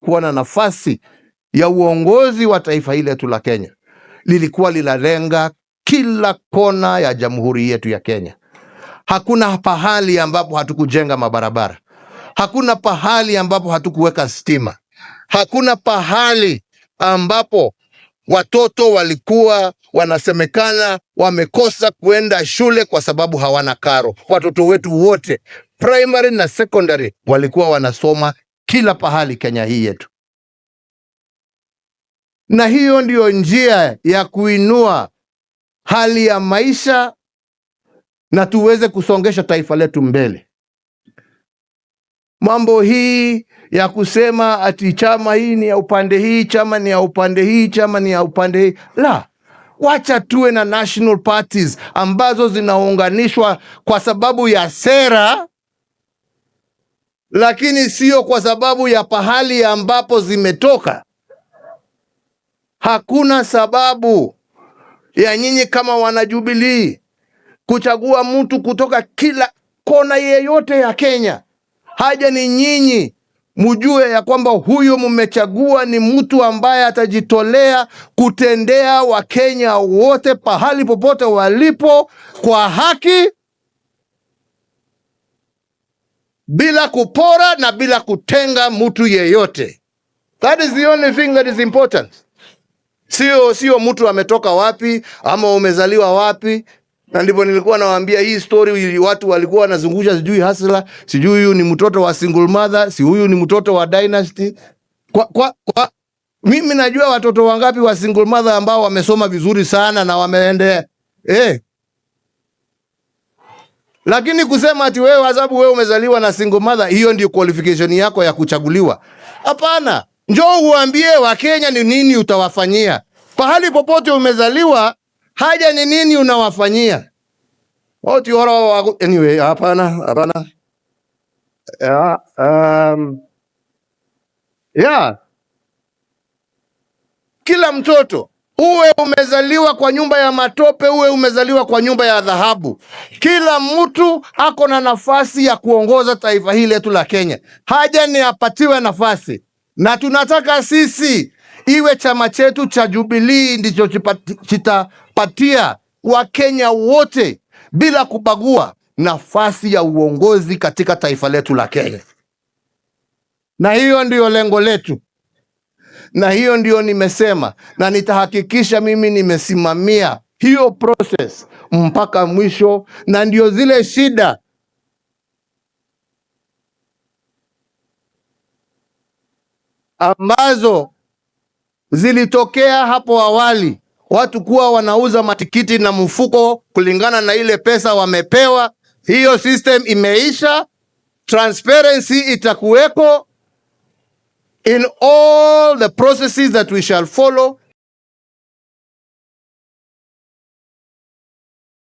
kuwa na nafasi ya uongozi wa taifa hili letu la Kenya lilikuwa linalenga kila kona ya jamhuri yetu ya Kenya. Hakuna pahali ambapo hatukujenga mabarabara, hakuna pahali ambapo hatukuweka stima, hakuna pahali ambapo watoto walikuwa wanasemekana wamekosa kuenda shule kwa sababu hawana karo. Watoto wetu wote primary na secondary walikuwa wanasoma kila pahali Kenya hii yetu, na hiyo ndiyo njia ya kuinua hali ya maisha na tuweze kusongesha taifa letu mbele. Mambo hii ya kusema ati chama hii ni ya upande hii, chama ni ya upande hii, chama ni ya upande hii, la, wacha tuwe na national parties ambazo zinaunganishwa kwa sababu ya sera lakini sio kwa sababu ya pahali ambapo zimetoka. Hakuna sababu ya nyinyi kama wanajubilii kuchagua mtu kutoka kila kona yeyote ya Kenya. Haja ni nyinyi mujue ya kwamba huyo mmechagua ni mtu ambaye atajitolea kutendea Wakenya wote pahali popote walipo kwa haki bila kupora na bila kutenga mtu yeyote. That is the only thing that is important. Sio, sio mtu ametoka wapi ama umezaliwa wapi. Na ndipo nilikuwa nawaambia hii story, watu walikuwa wanazungusha, sijui hasla, sijui huyu ni mtoto wa single mother, si huyu ni mtoto wa dynasty. Kwa, kwa, kwa, mimi najua watoto wangapi wa single mother ambao wamesoma vizuri sana na wameendea eh, lakini kusema ati wewe adhabu, wewe umezaliwa na single mother, hiyo ndio qualification yako ya kuchaguliwa? Hapana. Njoo uambie Wakenya ni nini utawafanyia pahali popote umezaliwa, haja ni nini unawafanyia. Anyway, hapana, hapana. Yeah, um, yeah. Kila mtoto uwe umezaliwa kwa nyumba ya matope, uwe umezaliwa kwa nyumba ya dhahabu, kila mtu ako na nafasi ya kuongoza taifa hili letu la Kenya. Haja ni apatiwe nafasi, na tunataka sisi iwe chama chetu cha Jubilii ndicho kitapatia Wakenya wote bila kubagua nafasi ya uongozi katika taifa letu la Kenya, na hiyo ndiyo lengo letu na hiyo ndio nimesema, na nitahakikisha mimi nimesimamia hiyo proses mpaka mwisho, na ndio zile shida ambazo zilitokea hapo awali, watu kuwa wanauza matikiti na mfuko kulingana na ile pesa wamepewa. Hiyo system imeisha, transparency itakuweko. in all the processes that we shall follow